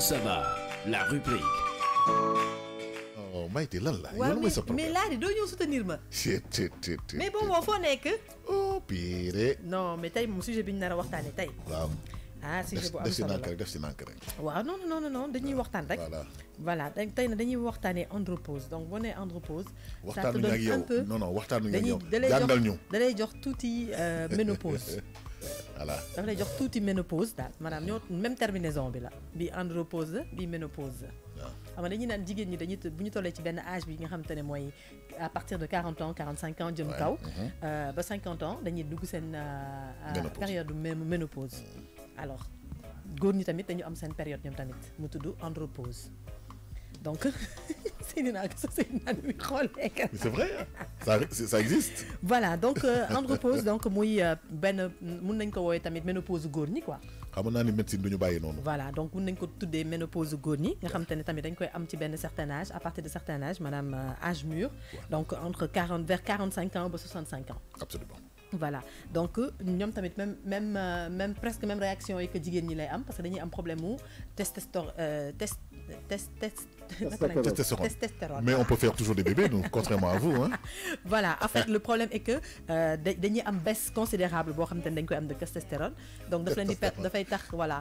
ça va. La rubrique. Oh, mais soutenir mais bon que. oh pire non mais sujet ah non non non non voilà donc non non voilà Da lay jox touti ménopause da manam ñoo même terminaison bi la bi andropause bi ménopause la. waaw nane nga dañuy ñi dañuy buñu tollé ci ben âge bi nga xamante ne mooy à partir de 40 ans 45 ans jëm kaw. Mhm. Euh, ba 50 ans dañuy dugg sen euh, période du ménopause. Mm. alors góor ñi tamit dañu am sen période ñom tamit mu tudd andropause donc. c'est vrai hein. ça ça existe. voilà donc andropause euh, donc moi euh, ben mun nañ ko woowee tamit ménopause gourni quoi quoi. xam ni médecine du ñu bàyyi voilà donc mun nañ ko ménopause gourni ñi nga xam à ne tamit dañ koy am ci certain âge à partir de certain âge madame euh, âge mûr. donc entre 40 vers 45 ans ou 65 ans. absolument. voilà donc ñoom tamit même même même presque même réaction yi que jigéen ñi lay am parce que dañuy am problème mu test test test. testostérone. testostérone. Mais on peut faire toujours des bébés, donc, contrairement à vous. Hein. Voilà, en fait, le problème est que euh, a une baisse considérable boo xam koy am de testostérone. donc daf y a une baisse considérable. voilà.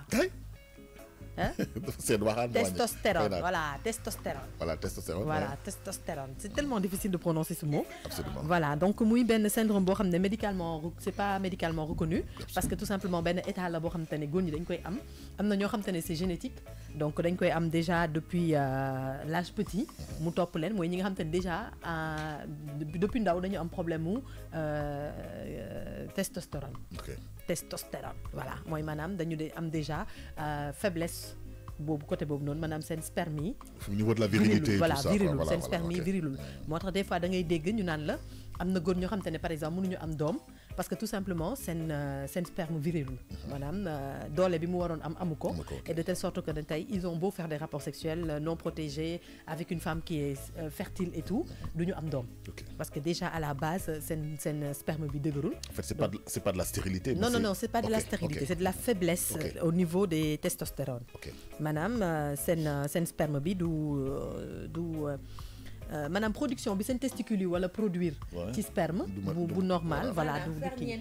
Hein? Hein. testostérone voilà testostérone. voilà testostérone. voilà testostérone c'est tellement difficile de prononcer ce mot. absolument voilà donc ben le syndrome boo médicalement c'est pas médicalement reconnu. parce que tout simplement ben, état la boo xam te ne dañ koy am. am na xam c'est génétique donc dañ koy am déjà depuis euh, l'âge petit. Mhm. mu top leen mooy ñi nga xam te déjà euh, depuis ndaw dañu am problème mu euh, testostérone. testostérone. voilà mooy maanaam dañu am déjà faiblesse bobu côté boobu noonu maanaam seen sperme yi. au niveau de la virilité voilà virilul seen sperme yi virilul moo des fois da ngay dégg ñu naan la amna gor ñu ñoo xam te par exemple mënu ñu am dom parce que tout simplement c'est un euh, sperme viril madame, euh, doole les bimouarons waroon am et de telle sorte que d'un ils ont beau faire des rapports sexuels euh, non protégés avec une femme qui est fertile et tout ils sont am parce que déjà à la base c'est un sperme bi en fait c'est pas c'est pas de la stérilité non non non c'est pas de la stérilité c'est de la faiblesse au niveau des testostérones Madame, c'est un sperme bi euh, Madame production bi sen testicule yi wala produire. ci sperme bu bu normal. voilà du kii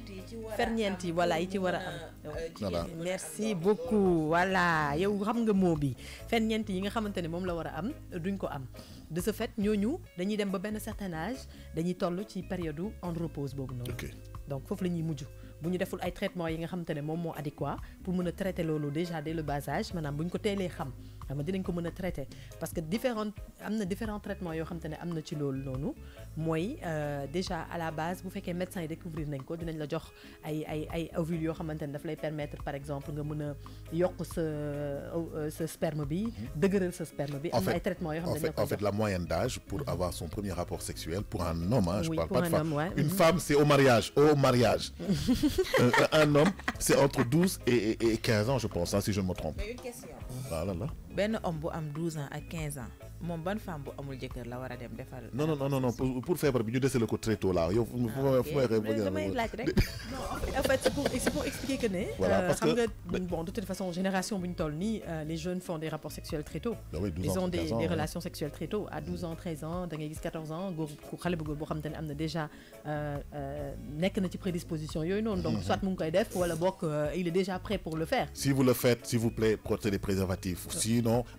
yi voilà yi ci wara euh, am. merci beaucoup voilà yow xam nga mo bi ferñeent yi nga xamante mom la wara am duñ ko am de ce fait ñoñu dañuy dem ba ben certain âge dañuy tollu ci période andropause boobu noonu. donc foofu la ñuy bu ñu deful ay traitement yi nga xamante ne moom moo adéquat pour mën a traiter loolu déjà dès le bas âge maanaam bu ñu ko teelee xam xam dinañ ko mën a traiter parce que différentes am na différents traitements yoo xamante ne am na ci loolu noonu mooy euh, déjà à la base bu fekkee médecin yi découvrir nañ ko dinañ la jox ay ay ay ovule yoo xamante ne daf lay permettre par exemple nga mën a yokk sa euh, euh, sa sperme bi hmm. dëgëral sa sperme bi am na ay traitements yoo xam ne en fait la moyenne d'âge pour hmm. avoir son premier rapport sexuel pour un homme hein, je parle pas de femme une hmm. femme c'est au mariage au mariage Euh, un, homme, c'est entre 12 et, 15 ans, je pense, hein, si je me trompe. Mais une question. Ah là un homme bu am 12 ans à 15 ans mom ban femme bu amul jëkkër la wara dem non non non non pour faire bi ñu le ko très tôt là yow. fu fu ah, rek. en fait c'est pour expliquer que né euh, xam nga bon de toute façon génération buñ euh, les jeunes font des rapports sexuels très tôt. Ah ils ont des des relations sexuelles très tôt à 12 mm. ans 13 ans gis 14 ans ils xalé bu amna déjà une euh, na ci prédisposition yoy non donc mm-hmm. soit mu ngi koy def wala il est déjà prêt pour le faire. si vous le faites s'il vous plaît portez des préservatifs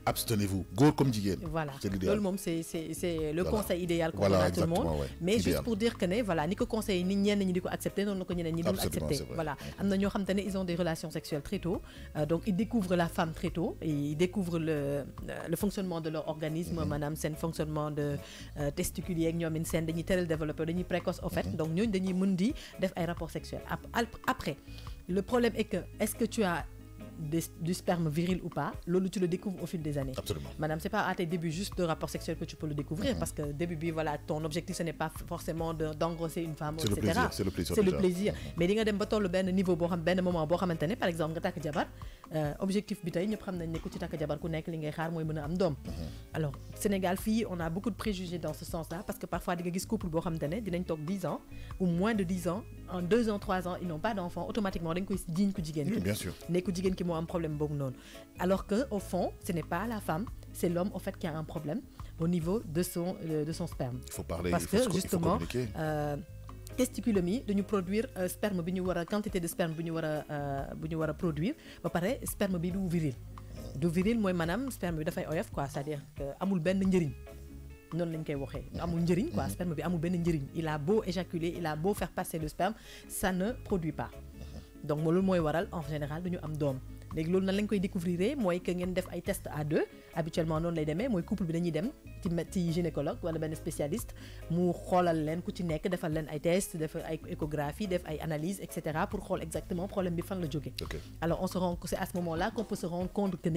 abstenez-vous Gore comme Digène. voilà C'est est le conseil idéal. qu'on tout le monde mais juste pour dire que ne voilà ni que conseil ni ñenn ni di ko non non, la ko voilà mm-hmm. ils ont des relations sexuelles très tôt euh, donc ils découvrent la femme très tôt ils découvrent le euh, le fonctionnement de leur organisme mm-hmm. madame, c'est un fonctionnement de euh, testicule yeeg ñoom in scène dañuy tel développeur dañuy précoce au fait mm-hmm. donc ñooñu dañuy mundi d'un rapport sexuel rapports sexuels après le problème est que est-ce que tu as du sperme viril ou pas, lolo, tu le découvres au fil des années. Absolument. Madame, c'est pas à ah, tes débuts juste de rapport sexuel que tu peux le découvrir, mm-hmm. parce que début, voilà, ton objectif, ce n'est pas forcément d'engrosser une femme, etc. C'est le plaisir. C'est le plaisir. C'est le plaisir. Mm -hmm. Mais il y a des niveau, par exemple, euh, objectif bi tey xam nañ ne ku ci jabar ku li ngay xaar am mhm. alors Sénégal fi on a beaucoup de préjugés dans ce sens là parce que parfois di couples gis couple bo xamantene 10 ans ou moins de 10 ans en 2 ans 3 ans ils n'ont pas d'enfant automatiquement dañ koy diñ ku jigéen bien sûr am problème alors que au fond ce n'est pas la femme c'est l'homme au fait qui a un problème au niveau de son euh, de son sperme faut parler, parce que justement testiculum yi dañu produire euh, sperme bi ñu war a quantité de sperme bu ñu war a euh, bu ñu war a produire ba pare sperme bi du viril du viril mooy maanaam sperme bi dafay oyof quoi c'est-à-dire que amul benn njëriñ noonu lañ koy waxee amul njëriñ quoi mm-hmm. sperme bi amul benn njëriñ il a beau éjaculer il a beau faire passer le sperme ça ne produit pas mm-hmm. donc loolu mooy waral en général du ñu am doom léegi loolu nan lañ koy découvrir mooy que ngeen def ay test à deux habituellement noonu lay demee mooy couple bi dañuy dem ci ci gynécologue wala benn spécialiste mu xoolal leen ku ci nekk defal leen ay test def ay échographie def ay pour xool exactement problème bi fan la jógee alors on se rend c'est à ce moment là qu'on peut se rendre compte que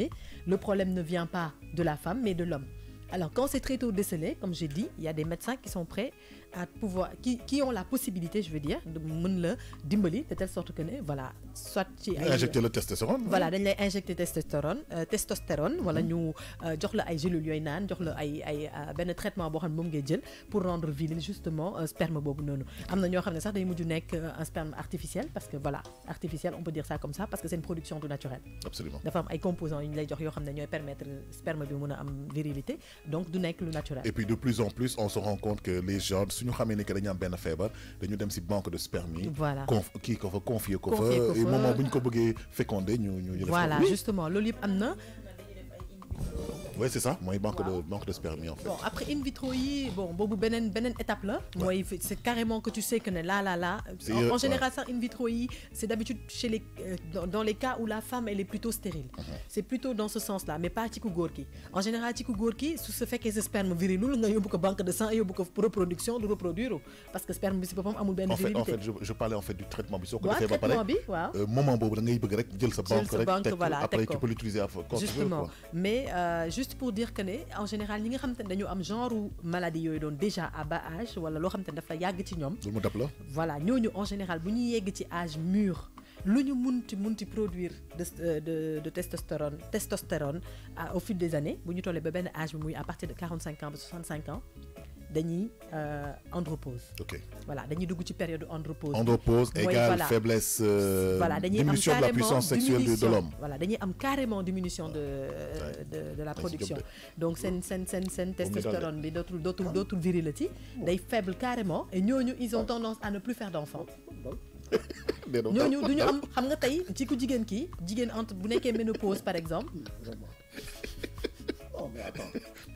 le problème ne vient pas de la femme mais de l'homme alors quand c'est très tôt décelé comme j'ai dit il y a des médecins qui sont prêts à pouvoir qui qui ont la possibilité je veux dire de le la dimbali de telle sorte que ne voilà soit tu injecter le testostérone voilà dañ injecter testostérone euh, testostérone wala ñu euh, jox la ay gélules yooyu nan, jox la ay ay euh, traitement boo xam pour rendre viril justement sperme boobu noonu am na sax day nek un sperme artificiel parce que voilà artificiel on peut dire ça comme ça parce que c'est une production du naturel absolument La femme ay composants yu ñu lay jox permettre sperme de mën virilité donc du nek le naturel et puis de plus en plus on se rend compte que les gens si nous ne que dañu am nous dañu dem banque de spermie. voilà ko confier ko moment où nous ko fécondé nous ñu. voilà justement oui c'est ça mooy banque de banque de sperme en fait. bon après in vitro bon, bon boobu benen, beneen étape là. mooy c' c'est carrément que tu sais que là là là. en euh, général ça in vitro c'est d'habitude chez les euh, dans les cas où la femme elle est plutôt stérile. Mhm. C'est plutôt dans ce sens là mais pas ci ku góor en général ci ku góor ki ce fait que sa sperme y a beaucoup de banque de sang beaucoup de reproduction de reproduire parce que sperme c'est pas boppam amul benn virilité. en fait en fait je parlais en fait du traitement mais soo ko defee euh, moment boobu da ngay bëgg rek jël sa banque rek. voilà après tu peux l'utiliser à fond. justement mais euh, juste pour dire que en général ni nga xamante ne dañu am genre maladie yoy doon déjà à bas âge wala lo xamante ne daf la yàgg ci ñoom. mu la voilà ñoñu en général bu ñuy yegg ci âge mûr. lu ñu munti munti produire de de de testostérone testostérone au fil des années bu ñu tollee ba ben âge bi muy à partir de 45 ans ba 65 ans euh, andropause. ok voilà dañuy dugg ci période andropause. andropause égale faiblesse. Euh, voilà diminution de la puissance sexuelle de l'homme voilà dañuy am carrément diminution de euh, de de la production. donc c'est seen c'est seen testostérone bi d'autres d'autres d'autres ah. virilité day faible carrément et ñooñu ils ont tendance à ne plus faire d'enfants. ñooñu du ñu am xam nga tay ci ku jigen ki jigen entre bu nekkee ménopause par exemple.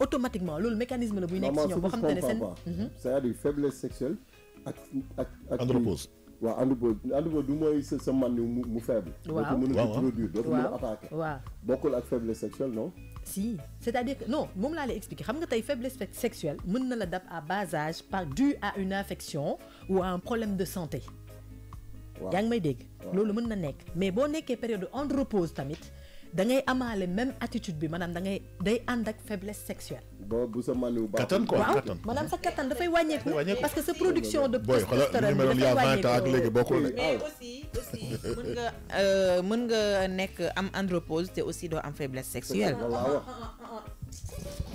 automatiquement le mécanisme la buy nekk ci ñoom boo xamante ne seen mhm. c'est-à-dire faiblesse sexuelle ak ak andropause waaw andropause andropause du mooy c'est un man mu faible donc ko mën a produire doo ko mën a bokkul ak faiblesse sexuelle non si c'est-à-dire que non moom laa lay expliquer xam nga tey faiblesse sexuelle tu na la dab à bas âge par dû à une infection ou à un problème de santé yaa ngi may dégg loolu mën na nekk mais boo nekkee période andropause tamit da ngay amaale même attitude bi manam da ngay day ànd ak faiblesse sexuelle. bo bu sa manu ba kattan quoi kattan manam sa sa da fay wagné parce que sa production de. testostérone bi 20 ans ak léegi bokkul mais aussi aussi mën nga euh, mën nga nek am andropause té aussi do am faiblesse sexuelle. Ah, ah, ah,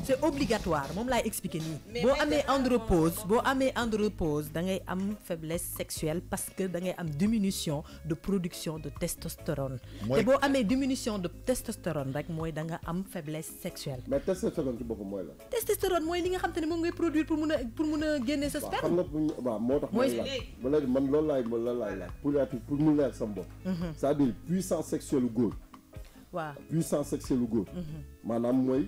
c'est obligatoire mom lay expliquer ni bo amé andropause bo amé andropause da ngay am faiblesse sexuelle parce que da ngay am diminution de production de testostérone et bo amé diminution de testostérone rek moy da nga am faiblesse sexuelle mais testostérone ci bop moy la testostérone moy li nga xam te ne ngay produire pour mun pour mun a sa sperme xam nga waaw moo tax mooy ba léegi man lool lay lool lay pour la pour mun sa sama bopp mhm. c'est-à-dire puissance sexuelle go, wa puissance sexuelle góor mhm. maanaam moy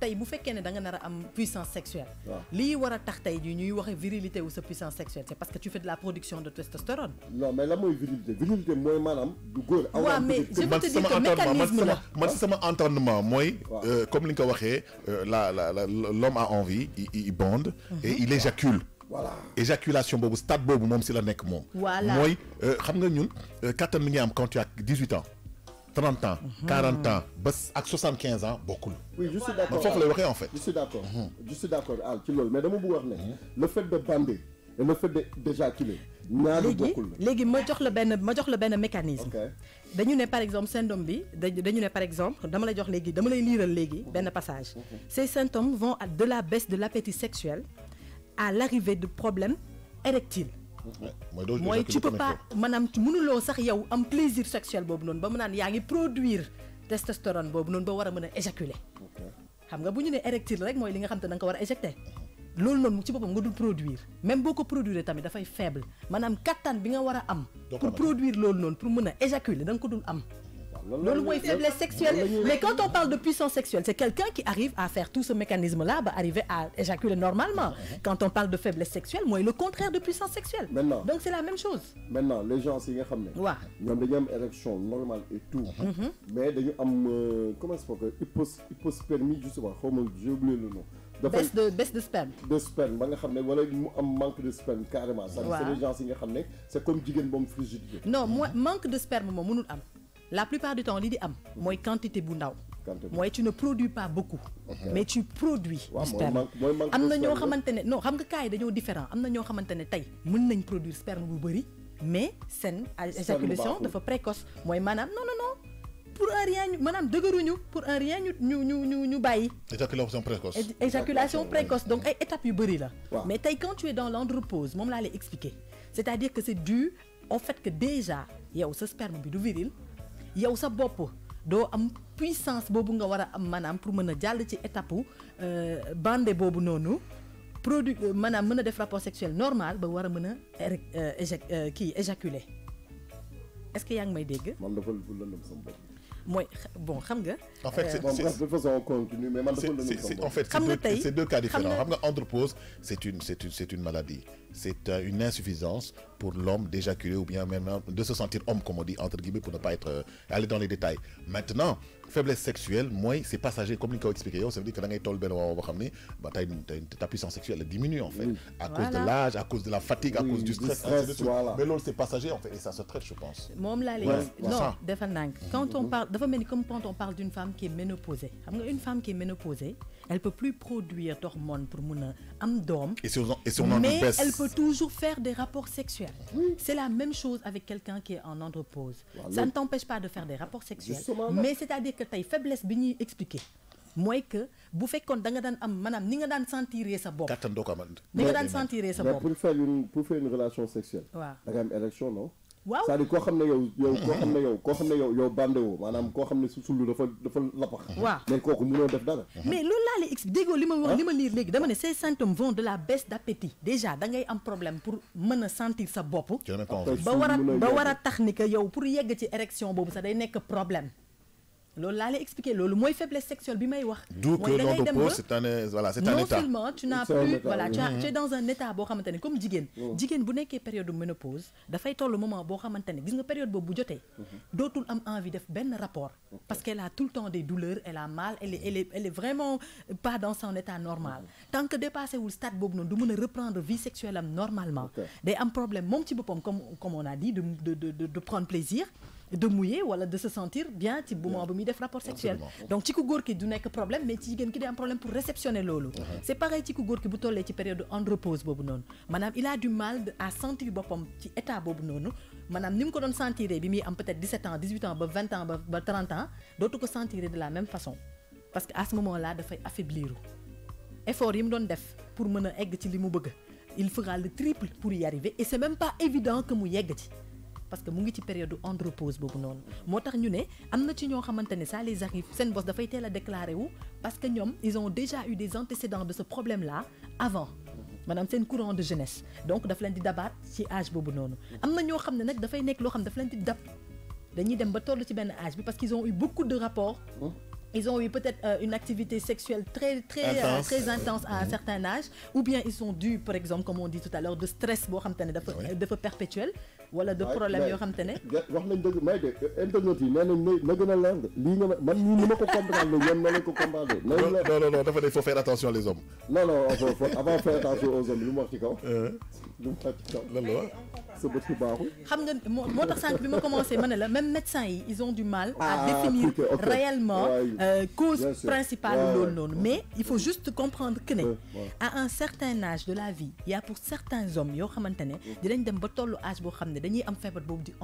tay bu fekkene da nga nar am puissance sexuelle lii wara a tax tey ñuy waxe virilité ou sa puissance sexuelle c'est parce que tu fais de la production de testostérone non mais la moy virilité virilité moy manam du góor waaw mais je veux te dire que mécanisme la man si sama entendement moy euh, comme li nga ko euh, la la l'homme a envie il bonde mhm. et il éjacule voilà éjaculation bobu stade bobu mom si la nek mom voilà euh, xam nga ñun kattan am quand tu as 18 ans 30 ans, 40 ans, 75 ans beaucoup. oui je suis d'accord. en fait. je suis d'accord, mhm. je suis d'accord Al mais je mon wax mhm. le fait de bander et le fait de déjà ñaari bokkul beaucoup. ma jox la benn mécanisme. dañu ne par exemple syndrome bi ne par exemple dama la jox mhm. passage. ces symptômes vont de la baisse de l'appétit sexuel à l'arrivée de problèmes érectiles mooy ci peux pas maanaam mënuloo sax yow am plaisir sexuel bobu non ba mu naan ngi produire testostérone bobu non ba wara a éjaculer xam nga buñu né érectile rek moy li nga xam tane da nga wara war a éjecter loolu noonu ci bopam nga dul produire même boko produire tamit fay faible manam kattan bi nga wara am pour produire loolu non pour mën éjaculer da nga ko dul am loolu est faiblesse sexuelle mais quand on parle de puissance sexuelle c'est quelqu'un qui arrive à faire tout ce mécanisme là à arriver à éjaculer normalement uh-huh. quand on parle de faiblesse sexuelle c'est le contraire de puissance sexuelle donc c'est la même chose maintenant les gens yi nga xam ne érection normale et tout mm-hmm. mais dañu am euh, comment ça s'appelle il hypospermie justement j'ai oublié le nom baisse de de sperme. de sperme ba nga que manque de sperme carrément. c'est comme gens yi nga c'est frigide. non manque de sperme moom la plupart du temps li di am quantité bu ndaw tu ne produis pas beaucoup mhm. mais tu produis du sperme am na non xam nga cas yi différent am na ñoo xamante ne mën nañ produire sperme bu bëri mais seen éjaculation dafa précoce Moi, manam non non non pour un rien madame, maanaam nous pour un rien ñu ñu ñu ñu ñu éjaculation précoce. éjaculation précoce donc ay étapes yu là. la. mais taille quand tu es dans l'andropause moi laa l'ai expliquer c'est-à-dire que c'est dû au fait que déjà yow ce sperme bi du viril. yow sa bopp doo am puissance boobu nga war a am maanaam pour mën a jàll ci étape euh, bande boobu noonu produit euh, maanaam mën a def rapport sexuel normal ba war a mën a euh, éjec kii éjaculer est-ce que yaa ngi may dégg. man dafa lëndëm sama moi bon xam en fait c'est de façon on en fait c'est deux cas différents Ramga nga c'est une c'est une maladie c'est euh, une insuffisance pour l'homme d'éjaculer ou bien même de se sentir homme comme on dit entre guillemets pour ne pas être euh, aller dans les détails maintenant faiblesse sexuelle moi c'est passager comme il a expliqué ça veut dire que bah, ta puissance sexuelle diminue en fait à cause de l'âge à cause de la fatigue à cause du stress mais là c'est passager en fait et ça se traite je pense non quand on parle comme quand on parle d'une femme qui est ménopausée une femme qui est ménopausée elle peut plus produire d'hormones pour mun a mais elle peut toujours faire des rapports sexuels c'est la même chose avec quelqu'un qui est en andropause ça ne t'empêche pas de faire des rapports sexuels mais c'est-à-dire que tey faiblesse bi ñuy expliquer moy que bu fekkoon da nga dan am manam ni nga dan sentiree sa bop kattan doo ko amal ni nga dan sentiree sa bop pour faire une pour faire une relation sexuelle. da nga am érection non. waaw c'est-à-dire koo xam yow yow koo xam yow ko xamné yow yow bandewoo maanaam koo xam ne su sulu dafa dafa lapax mais kooku mënoo def dara mais loolu la lay expliqué déggoo li ma wax ah. lima ma liir léegi dama né ces symptômes vont de la baisse d'appétit déjà da ngay am problème pour mën sentir sa bop ba war ba wara a tax ni que yow pour yegg ci érection bobu sax day nek problème loolu allez expliquer Le mooy faiblesse sexuelle bi may d'où que l'on te pose c'est un voilà c'est un état non tu n'as plus voilà mm-hmm. tu es dans un état boo à comme digen, mm-hmm. jigéen bu que période de ménopause dafay le moment boo xamante ne gis nga période boobu bu jotee. Mm-hmm. dootul am envie def un rapport. parce qu'elle a tout le temps des douleurs elle a mal elle est elle est vraiment pas dans son état normal tant que dépassé le stade boobu nous du reprendre vie sexuelle normalement. mais un problème mon petit boppam comme comme on a dit de de de de prendre plaisir de mouiller wala de se sentir bien type moment bu muy def rapport sexuel donc si ku góor ki du nekk problème mais ci jigéen ki di am problème pour réceptionner lolo uh-huh. C'est pareil si ku góor ki bu tollee ci période andropause boobu il a du mal à sentir son état Madame, noonu maanaam ni mu ko peut-être 17 ans 18 ans 20 ans 30 ans d'autres ko sentir de la même façon parce qu'à ce moment là faut affaiblir effort qu'il a fait pour mën faire egg ci li il fera le triple pour y arriver et ce n'est même pas évident que mu yegg parce que mu ngi ci période on repose boobu noonu moo tax ñu ne am na ci ñoo xamante ne ça les arrive seen boss dafay teel a déclaré wu parce que ñoom ils ont déjà eu des antécédents de ce problème là avant maanaam seen courant de jeunesse donc daf leen di dabaat ci âge boobu noonu am na ñoo xam ne nag dafay nekk loo xam ne daf leen di dab dañuy dem ba toll ci benn âge bi parce qu'ils ont eu beaucoup de rapports hum? ils ont eu peut-être euh, une activité sexuelle très très euh, intense, très intense à un hum. certain âge ou bien ils sont dus par exemple comme on dit tout à l'heure de stress boo xam te ne dafa dafa perpétuel wala de problème yoo xam te ne. wax nañ dëgg may de euh, internet yi nee nañ na gën a leer lii nga man nii ni ma ko comprendre ñoom na lañ ko comprendre. non non non dafa ne il faut faire attention les hommes. non non avant faire attention aux hommes lu mu wax ci kaw. Euh. lu mu wax ci kaw ce bout de Hamne, même médecins ils ont du mal. à ah, définir réellement euh, cause principale mais il faut juste comprendre que à un certain âge de la vie. il y a pour certains hommes yo maintenant ne. dinañ dem ba tollu âge bo xam ne dañuy am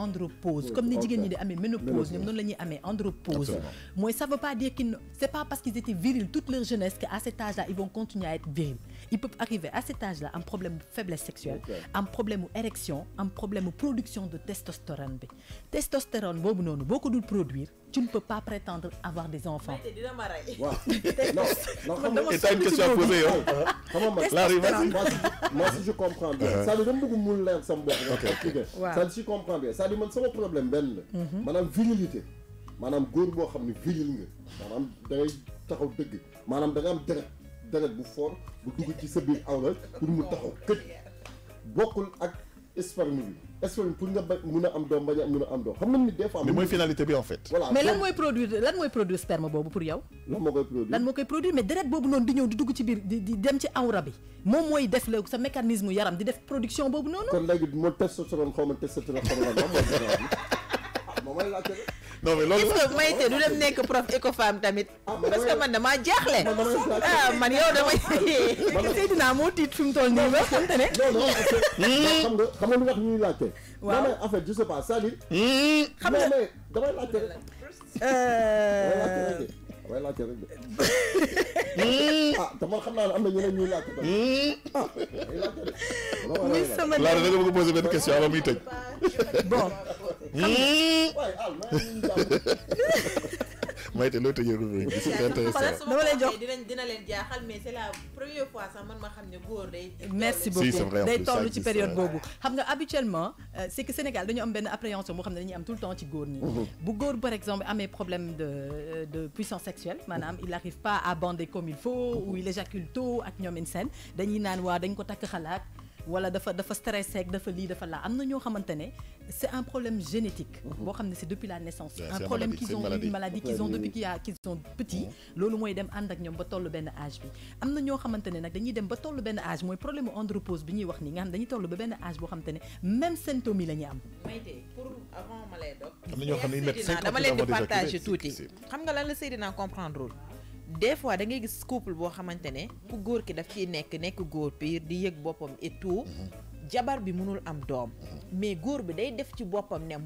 andropause comme ni jigéen ñi di amee ménopause de non la ñuy andropause. moi ça veut pas dire que c'est pas parce qu'ils étaient virils toute leur jeunesse qu'à cet âge là ils vont continuer à être virils ils peuvent arriver à cet âge-là un problème faiblesse sexuelle un problème d'érection, un problème production de testostérone testostérone boobu non, boo ko produire tu ne peux pas prétendre avoir des enfants. waaw tu non non c'est une question à poser Comment hein. ah, ah. moi si je comprends bien. Ça à dire dama bëgg mu leer sama Ça ok si je comprends bien Ça demande dire problème belle. la. Mm-hmm. virilité maanaam góor boo xam viril nga maanaam da ngay taxaw dëgg maanaam da nga am deret bu fort bu dugg ci sa biir awra pour mu taxaw këj bokkul ak sperme bi sperme pour nga ba a am doom bañ a mun a am doom xam nga ni des fois. mais mooy finalité bi en fait. voilà mais lan mooy produire lan mooy produire sperme boobu pour yow. lan moo koy produit lan moo koy produit mais deret boobu noonu di ñëw di dugg ci biir di di dem ci awra bi moom mooy def la sa mécanisme yaram di def production boobu noonu. kon léegi moo testosterone xaw ma testosterone xaw ma lan moom mooy. ah moom mooy non mais loolu est-ce que Maïté du dem nekk prof Ecofam tamit. Ah, parce que man damaa jaaxle. ah man yow damay. Seydina moo tiit fi mu toll nii loo xam te ne. non non hmm? xam nga xam nga lu wax ñuy laajte. waaw non damay laajte rek de. Hmm. ah te man xam naa ne am na ñeneen ñuy laajte tamit. Hmm. ah damay laajte rek. muy sama laaj da nga bëgg a posé benn question avant muy tëj. bon. xam nga waaye c'est la première fois merci beaucoup période habituellement c'est que Sénégal appréhension le temps mm-hmm. par exemple de euh, de puissance sexuelle madame, il n'arrive pas à bander comme il faut ou il éjacule tôt ak wala dafa dafa stressé ak dafa lii dafa laa am na ñoo xamante ne c'est un problème génétique mhm. boo xam ne c'est depuis la naissance ben, un problème qu'ils ont une maladie qu'ils ont depuis qu'ils qu'ils sont petits mhm. loolu mooy dem ànd ak ñoom ba toll benn âge bi am na ñoo xamante ne nag dañuy dem ba toll benn âge mooy problème andropose bi ñuy wax nii nga xam dañuy toll ba benn âge boo xamante ne même symptômes yi la ñuy am Maïté pour avant ma lay dox. am na ñoo xam ne dama leen di partager tuuti xam nga lan la Seydina comprendre des fois da ngay gis couple bo xamantene ne ku góor ki daf ci nek nek di et tout mhm. jabar bi mënul am dom mhm. mais góor bi day def ci bopam ne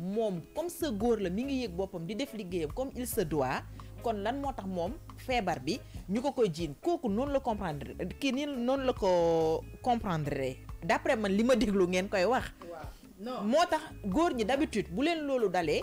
comme ce góor la mi ngi bopam di def comme il se doit kon lan motax mom febar bi ñu ko koy le non comprendre ki ko d'après man li ma déglu ngeen koy wax d'habitude bu len lolu dalé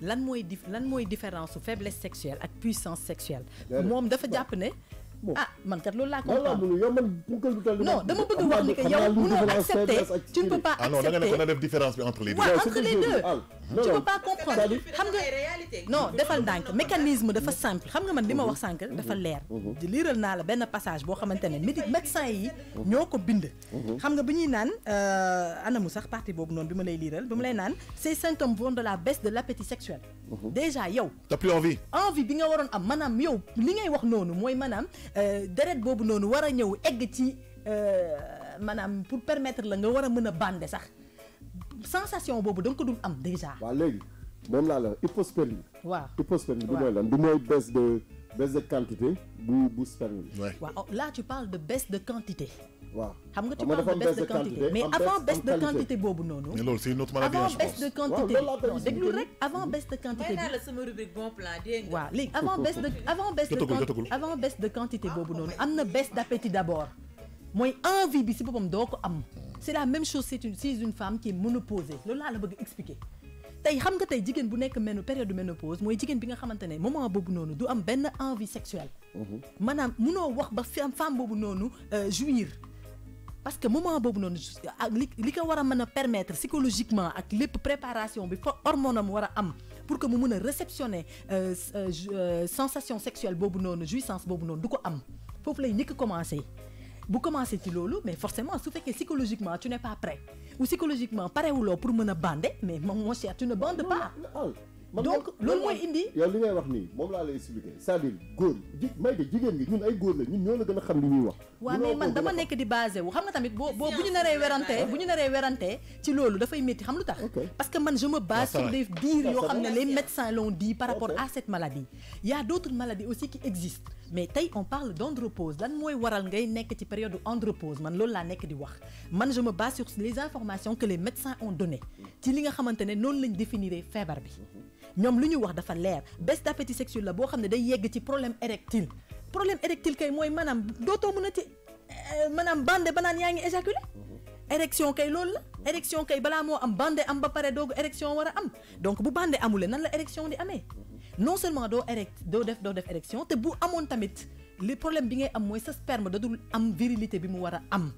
lan mooy dif lan différence faiblesse sexuelle la puissance sexuelle dafa ah man kat loolu laa ko. non dama bëgg wax ni que yow mënoo accepter tu ne peux pas accepter ah non da nga ne ko na def différence bi entre les deux. waaw entre les deux. tu peux pas comprendre xam nga non defal ndànk mécanisme dafa simple xam nga man li ma wax sànq dafa mhm. leer. Mhm. di liiral naa la benn passage boo xamante ne médic mhm. médecin yi. ñoo ko bind. xam nga bu ñuy naan euh, anamu sax partie boobu noonu bi ma lay liiral bi ma lay naan ces symptômes vont de la baisse de l' appétit sexuel. déjà yow. t'as plus envie. envie bi nga waroon am maanaam yow li ngay wax noonu mooy maanaam euh, deret boobu que wara a egg ci euh, pour permettre la nga sax sensation bobu ko dul am déjà. wa légui la la hypospermie. wa hypospermie du baisse de de quantité oh, là tu parles de baisse de quantité waaw xam nga ci parles dafa baisse de quantité mais avant baisse de quantité boobu noonu. mais loolu c'est une autre maladie avant baisse de quantité déglu rek avant baisse de quantité bi. sama rubrique bon plan dégg nga. waaw léegi avant baisse de avant baisse de avant baisse de quantité boobu noonu am na baisse d'appétit d'abord mooy envie bi si boppam doo ko am. c'est la même chose c'est une c'est une femme qui est monopausée loolu laa la bëgg expliquer. tey xam nga tey jigéen bu nekk menu période de ménopause mooy jigéen bi nga xamante ne moment boobu noonu du am benn envie sexuelle. Mhm. maanaam munoo wax ba femme boobu noonu euh, jouir parce que moment bobu non li permettre psychologiquement ak lepp préparation bi fa hormonam am am pour que mu meuna a réceptionner sensation sexuelle bobu non jouissance bobu non du ko am fofu lay njëkk commencer. bu commencé ci loolu mais forcément su que psychologiquement tu n'es pas prêt ou psychologiquement pareil pour meuna bander mais mon cher tu ne bandes pas donc loolu mooy indi. yow li ngay wax nii moom laa lay expliquer c'est-à-dire góor ji may de jigéen gi ñun ay góor la ñun ñoo la gën a xam li ñuy wax. waaw mais man dama nekk di basé wu xam nga tamit boo boo bu ñu naree werantee bu ñu naree werantee ci loolu dafay métti xam lu tax. parce que man je me base sur des dires yoo xam ne les médecins l'ont dit par rapport à cette maladie. y a d'autres maladies aussi qui existent mais taille on parle d'andropause lan moy waral ngay nek ci période d'andropause man loolu la nek di wax man je me base sur les informations que les médecins ont donné ci li nga xamantene non lañ définiré fièvre bi ñom luñu wax dafa lèr baisse d'appétit sexuel la bo xam ne day yegg ci problème érectile problème érectile kay moy manam doto mëna ci euh, manam bande banane naan yaa érection kay loolu la érection kay bala mo am bande am ba paré doogu érection wara am donc bu bande amulé nan la érection di amé non seulement doo erect doo def doo def érection te bu amone tamit li problème bi ngay am moy sa sperme dadul am virilité bi mu wara am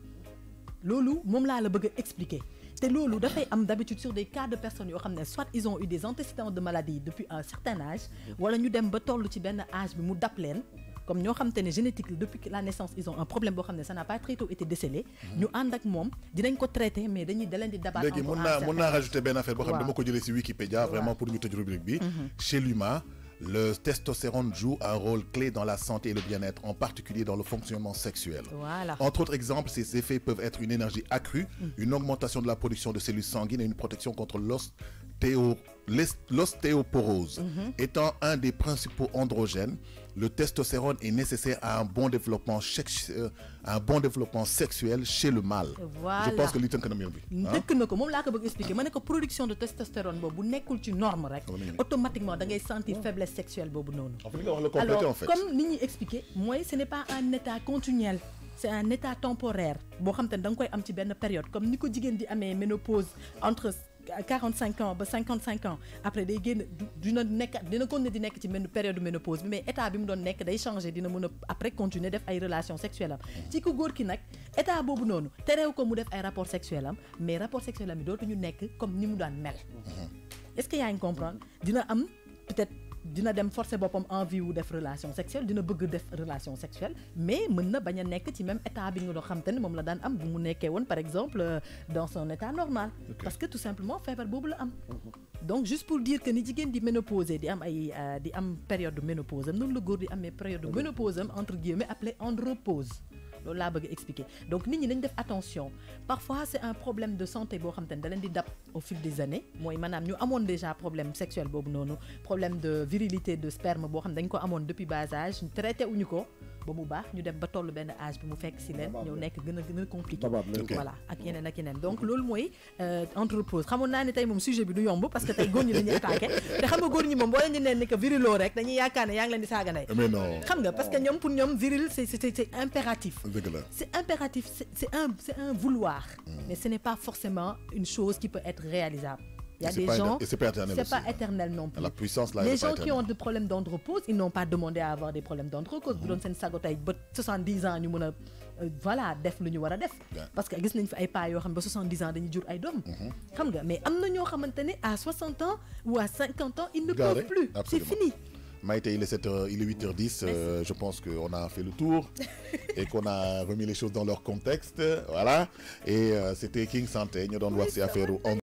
lolou mom la la bëgg expliquer te da fay am d'habitude sur des cas de personnes yo xamné soit ils ont eu des antécédents de maladie depuis un certain âge wala ñu dem ba tollu ci de âge bi mu certain âge comme nous avons des génétique depuis la naissance ils ont un problème ça n'a pas très tôt été décelé mhm. ñu que ak mom, dinañ ko traiter mais nous avons des di Je vais rajouter une affaire je vais ne dama ko sur Wikipédia vraiment pour ñu tëj rubrique mhm. chez l'humain le testostérone joue un rôle clé dans la santé et le bien-être, en particulier dans le fonctionnement sexuel. Entre autres exemples, ces effets peuvent être une énergie accrue, mhm. une augmentation de la production de cellules sanguines et une protection contre l'os l'ostéoporose mhm. étant un des principaux androgènes, le testostérone est nécessaire à un bon développement, euh, un bon développement sexuel chez le mâle. Voilà. Je pense que c'est ce que mbir bi. dëkk hein? na que expliquer production de testostérone est une culture norme automatiquement vous ngay sentir faiblesse sexuelle non alors comme ni ñuy expliqué, ce n'est pas un état continuel. c'est un état temporaire boo xam te ne koy am ci période comme ni di ménopause entre. 45 ans ba 55 ans après day génn dina nekk dina continuer di nekk ci benn période de ménopause mais état bi mu don nekk day changer dina mën après continuer def ay relations sexuelles am ci ku góor ki nak état bobu noonu téréw ko mu def ay rapports sexuels am mais rapport sexuel am yi ñu nekk comme ni mu don mel mm-hmm. est-ce que yaa ngi comprendre dina am peut-être dina dem forcer bopam envie wu def relation sexuelle dina bëgg def relation sexuelle mais mën na bañ nekk ci même état bi nga do xam tane mom la daan am bu mu nekkee par exemple euh, dans son état normal. parce que tout simplement feebar bobu la am. Mhm. donc juste pour dire que ni jigéen di ménopause di am ay euh, di am période de ménopause non le gor di amee période de ménopause entre guillemets appelé andropause loolu laa bëgg expliquer donc nit ñi nañ def attention parfois c'est un problème de santé boo xam te ne da leen di dab au fil des années mooy maanaam ñu amoon déjà problème sexuel boobu noonu problème de virilité de sperme boo xam dañ ko amoon depuis bas âge traité wuñu ko ba mu baax ñu dem ba toll benn âge bi mu fekk si leen ñëw nekk gën a gën a compliqué voilà ak yeneen ak yeneen donc loolu mooy euh, entrepose xamoon naa ne tey moom sujet bi du yomb parce que tey góor ñi dañuy attaqué te xam nga góor ñi moom boo leen di neen ni que viriloo rek dañuy yaakaar ne yaa ngi leen di Mais non. xam nga parce que ñoom pour ñoom viril c'est c'est impératif c'est impératif c'est un c'est un vouloir hmm. mais ce n'est pas forcément une chose qui peut être réalisable c'est pas éternel. C'est pas hein. éternel non plus. La puissance là. Les gens qui ont des problèmes d'andropause, ils n'ont pas demandé à avoir des problèmes d'andropause. parce que 70 ans ñu mën a euh, voilà def le ñu def. parce que gis nañ fi 70 ans dañuy jour ay mhm. mais à 60 ans ou à 50 ans ils ne peuvent plus. c'est fini. Maïté, il est, 8h10. Euh, je pense qu'on a fait le tour et qu'on a remis les choses dans leur contexte. Voilà. Et euh, c'était King Santé. Nous avons faire